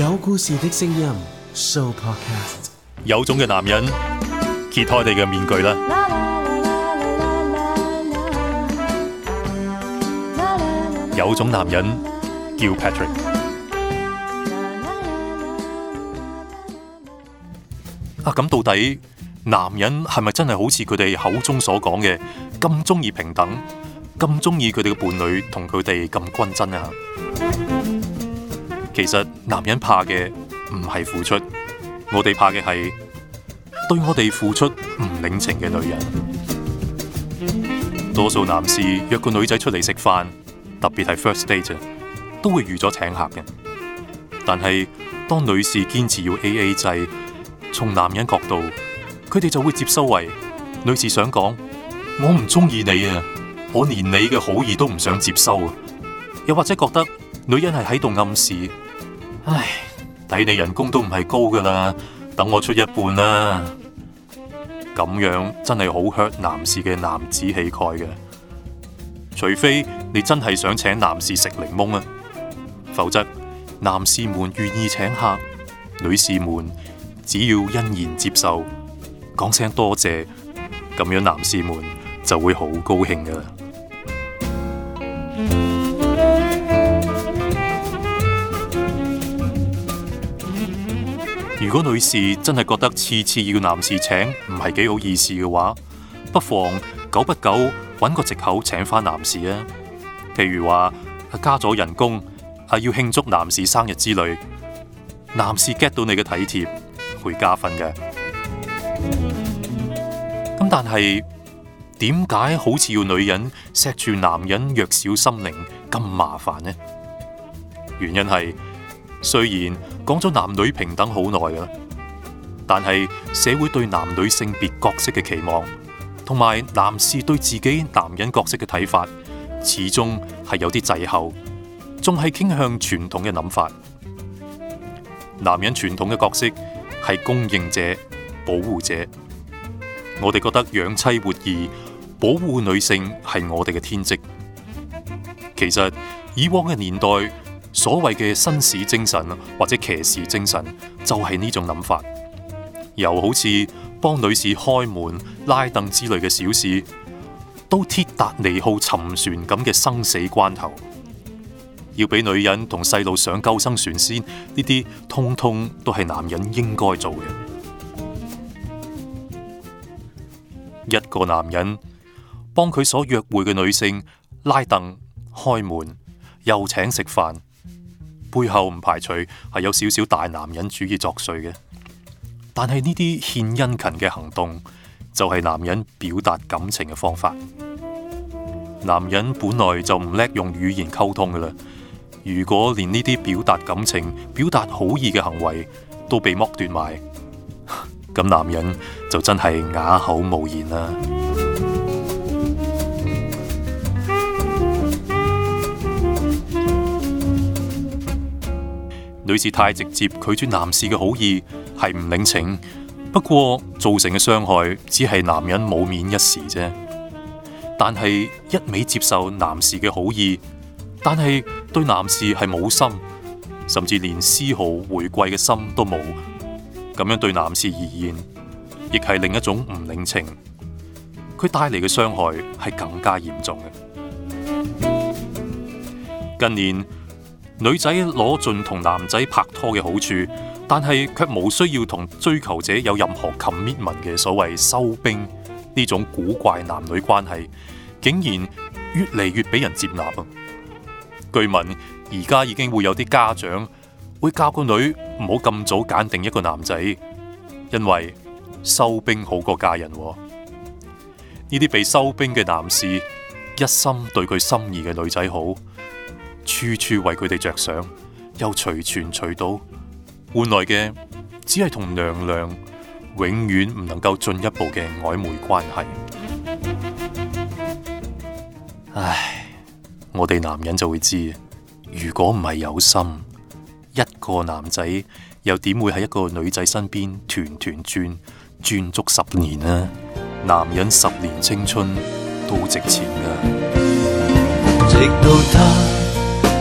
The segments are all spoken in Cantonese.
有故事的聲音 show podcast，有種嘅男人揭開你嘅面具啦！有種男人叫 Patrick 啊！咁到底男人係咪真係好似佢哋口中所講嘅咁鍾意平等，咁鍾意佢哋嘅伴侶同佢哋咁均真啊？其實男人怕嘅唔係付出，我哋怕嘅係對我哋付出唔領情嘅女人。多數男士約個女仔出嚟食飯，特別係 first date 都會預咗請客嘅。但係當女士堅持要 AA 制，從男人角度，佢哋就會接收為女士想講：嗯、我唔中意你啊，我連你嘅好意都唔想接收啊。又或者覺得。女人係喺度暗示，唉，睇你人工都唔係高㗎喇，等我出一半啦。咁樣真係好 hurt 男士嘅男子氣概嘅，除非你真係想請男士食檸檬啊，否則男士們願意請客，女士們只要欣然接受，講聲多謝、謝，咁樣男士們就會好高興㗎。如果女士真係覺得次次要男士請唔係幾好意思嘅話，不妨久不久揾個藉口請翻男士啊。譬如話加咗人工，係要慶祝男士生日之類，男士 get 到你嘅體貼，會加分嘅。咁但係點解好似要女人錫住男人弱小心靈咁麻煩呢？原因係。雖然講咗男女平等好耐啦，但係社會對男女性別角色嘅期望，同埋男士對自己男人角色嘅睇法，始終係有啲滯後，仲係傾向傳統嘅諗法。男人傳統嘅角色係供應者、保護者。我哋覺得養妻活兒、保護女性係我哋嘅天職。其實以往嘅年代。所謂嘅紳士精神或者騎士精神，就係呢種諗法。又好似幫女士開門、拉凳之類嘅小事，都鐵達尼號沉船咁嘅生死關頭，要俾女人同細路上救生船先，呢啲通通都係男人應該做嘅。一個男人幫佢所約會嘅女性拉凳、開門，又請食飯。背後唔排除係有少少大男人主義作祟嘅，但係呢啲獻殷勤嘅行動就係男人表達感情嘅方法。男人本來就唔叻用語言溝通嘅啦，如果連呢啲表達感情、表達好意嘅行為都被剝奪埋，咁男人就真係啞口無言啦。女士太直接拒絕男士嘅好意係唔領情，不過造成嘅傷害只係男人冇面一時啫。但係一味接受男士嘅好意，但係對男士係冇心，甚至連絲毫回饋嘅心都冇，咁樣對男士而言，亦係另一種唔領情。佢帶嚟嘅傷害係更加嚴重嘅。近年。女仔攞盡同男仔拍拖嘅好處，但係卻無需要同追求者有任何 commitment 嘅所謂收兵。呢種古怪男女關係，竟然越嚟越被人接納。據聞而家已經會有啲家長會教個女唔好咁早揀定一個男仔，因為收兵好過嫁人。呢啲被收兵嘅男士一心對佢心儀嘅女仔好。處處為佢哋着想，又隨傳隨到，換來嘅只係同娘娘永遠唔能夠進一步嘅曖昧關係。唉，我哋男人就會知，如果唔係有心，一個男仔又點會喺一個女仔身邊團團轉，轉足十年呢？男人十年青春都值錢㗎，直到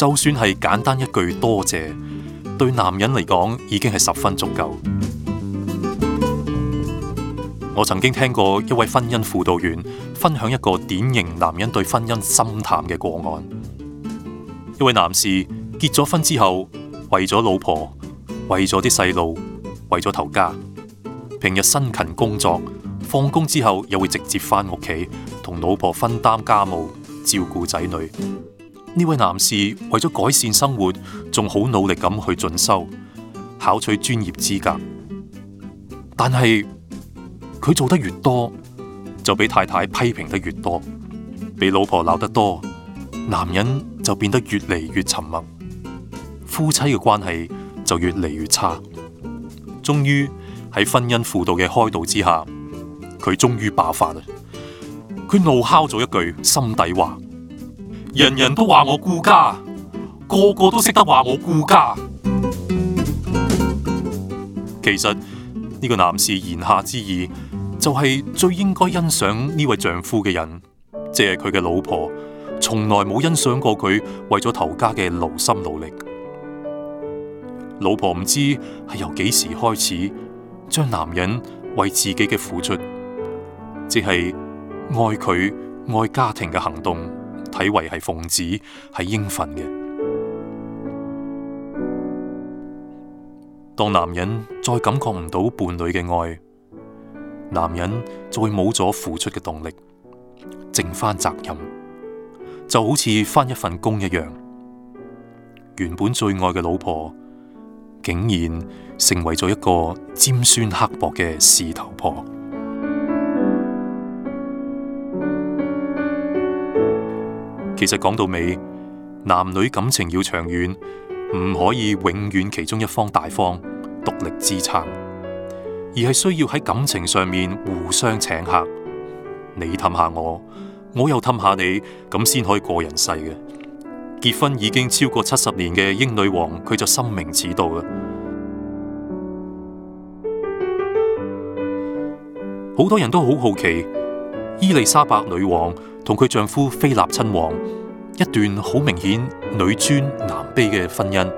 就算係簡單一句多謝，對男人嚟講已經係十分足夠。我曾經聽過一位婚姻輔導員分享一個典型男人對婚姻心淡嘅個案。一位男士結咗婚之後，為咗老婆，為咗啲細路，為咗頭家，平日辛勤工作，放工之後又會直接返屋企，同老婆分擔家務，照顧仔女。呢位男士為咗改善生活，仲好努力咁去進修，考取專業資格。但係佢做得越多，就俾太太批評得越多，俾老婆鬧得多，男人就變得越嚟越沉默，夫妻嘅關係就越嚟越差。終於喺婚姻輔導嘅開導之下，佢終於爆發啦！佢怒敲咗一句心底話。人人都話我顧家，個個都識得話我顧家。其實呢個男士言下之意，就係最應該欣賞呢位丈夫嘅人，即係佢嘅老婆，從來冇欣賞過佢為咗頭家嘅勞心勞力。老婆唔知係由幾時開始，將男人為自己嘅付出，即係愛佢、愛家庭嘅行動。睇為係奉旨，係應份嘅。當男人再感覺唔到伴侶嘅愛，男人再冇咗付出嘅動力，剩翻責任，就好似返一份工一樣。原本最愛嘅老婆，竟然成為咗一個尖酸刻薄嘅事頭婆。其實講到尾，男女感情要長遠，唔可以永遠其中一方大方，獨力支撐，而係需要喺感情上面互相請客。你氹下我，我又氹下你，咁先可以過人世嘅。結婚已經超過七十年嘅英女王，佢就深明此道啦。好多人都好好奇，伊麗莎白女王，同佢丈夫菲立親王一段好明顯女尊男卑嘅婚姻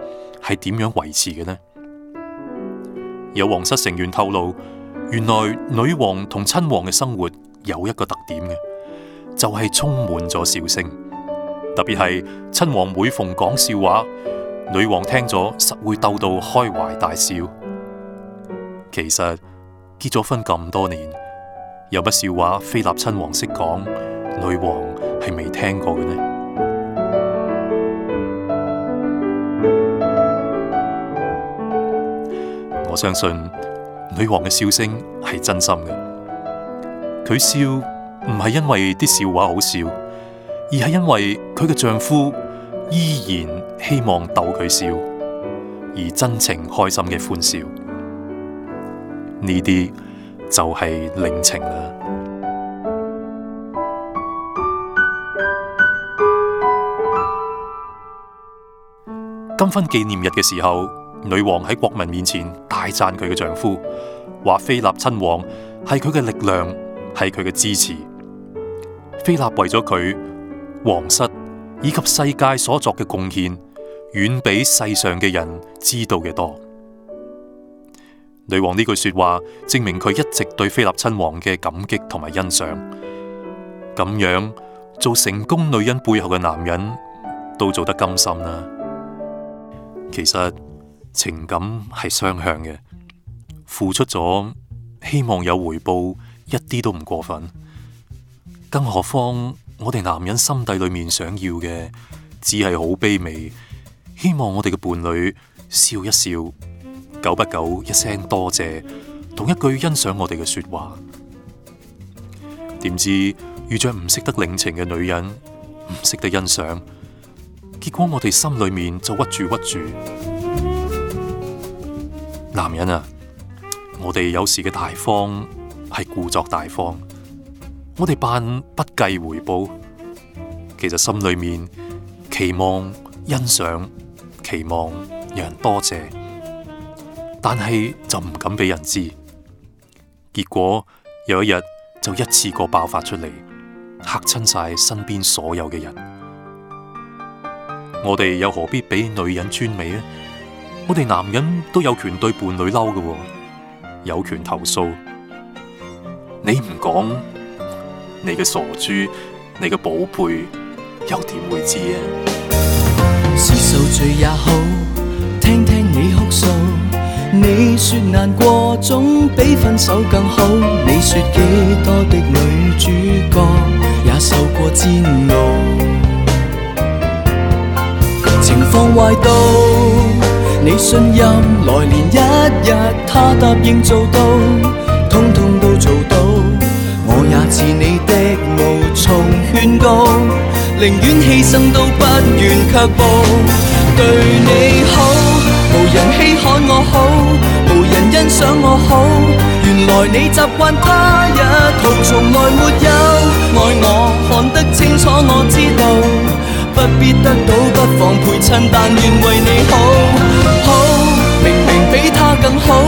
係點樣維持嘅呢？有皇室成員透露，原來女王同親王嘅生活有一個特點嘅，就係充滿咗笑聲。特別係親王每逢講笑話，女王聽咗實會逗到開懷大笑。其實結咗婚咁多年，有乜笑話菲立親王識講？女王係未聽過嘅呢？我相信女王嘅笑聲係真心嘅。佢笑唔係因為啲笑話好笑，而係因為佢嘅丈夫依然希望逗佢笑，而真情開心嘅歡笑，呢啲就係領情啦。金婚紀念日嘅時候，女王喺國民面前大讚佢嘅丈夫，話菲臘親王係佢嘅力量，係佢嘅支持。菲臘為咗佢、皇室以及世界所作嘅貢獻，遠比世上嘅人知道嘅多。女王呢句說話，證明佢一直對菲臘親王嘅感激同埋欣賞。咁樣做成功女人背後嘅男人都做得甘心啦。其實情感係雙向嘅，付出咗希望有回報，一啲都唔過分。更何況我哋男人心底裏面想要嘅，只係好卑微，希望我哋嘅伴侶笑一笑，久不久一聲多謝，同一句欣賞我哋嘅說話。點知遇着唔識得領情嘅女人，唔識得欣賞。結果我哋心裏面就屈住屈住，男人啊，我哋有時嘅大方係故作大方，我哋扮不計回報，其實心裏面期望欣賞，期望有人多謝，但係就唔敢俾人知。結果有一日就一次過爆發出嚟，吓親晒身邊所有嘅人。我哋又何必俾女人專美呢？我哋男人都有權對伴侶嬲㗎喎，有權投訴。你唔講，你嘅傻豬，你嘅寶貝，又點會知啊？是受罪也好，聽聽你哭訴。你說難過總比分手更好。你說幾多的女主角也受過煎熬。放壞到你信任，來年一日他答應做到，通通都做到。我也似你的，無從勸告，寧願犧牲都不願卻步。對你好，無人稀罕我好，無人欣賞我好。原來你習慣他一套，從來沒有愛我，看得清楚，我知道。不必得到，不妨陪襯，但願為你好。好明明比他更好，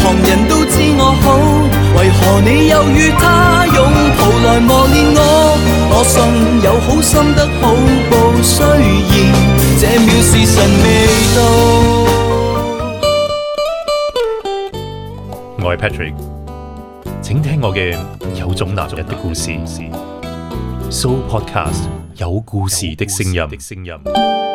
旁人都知我好，為何你又與他擁抱來磨練我？我信有好心得好報，雖然這秒時辰未到。我係 Patrick，請聽我嘅《有種男人的故事》so podcast。有故事的聲音。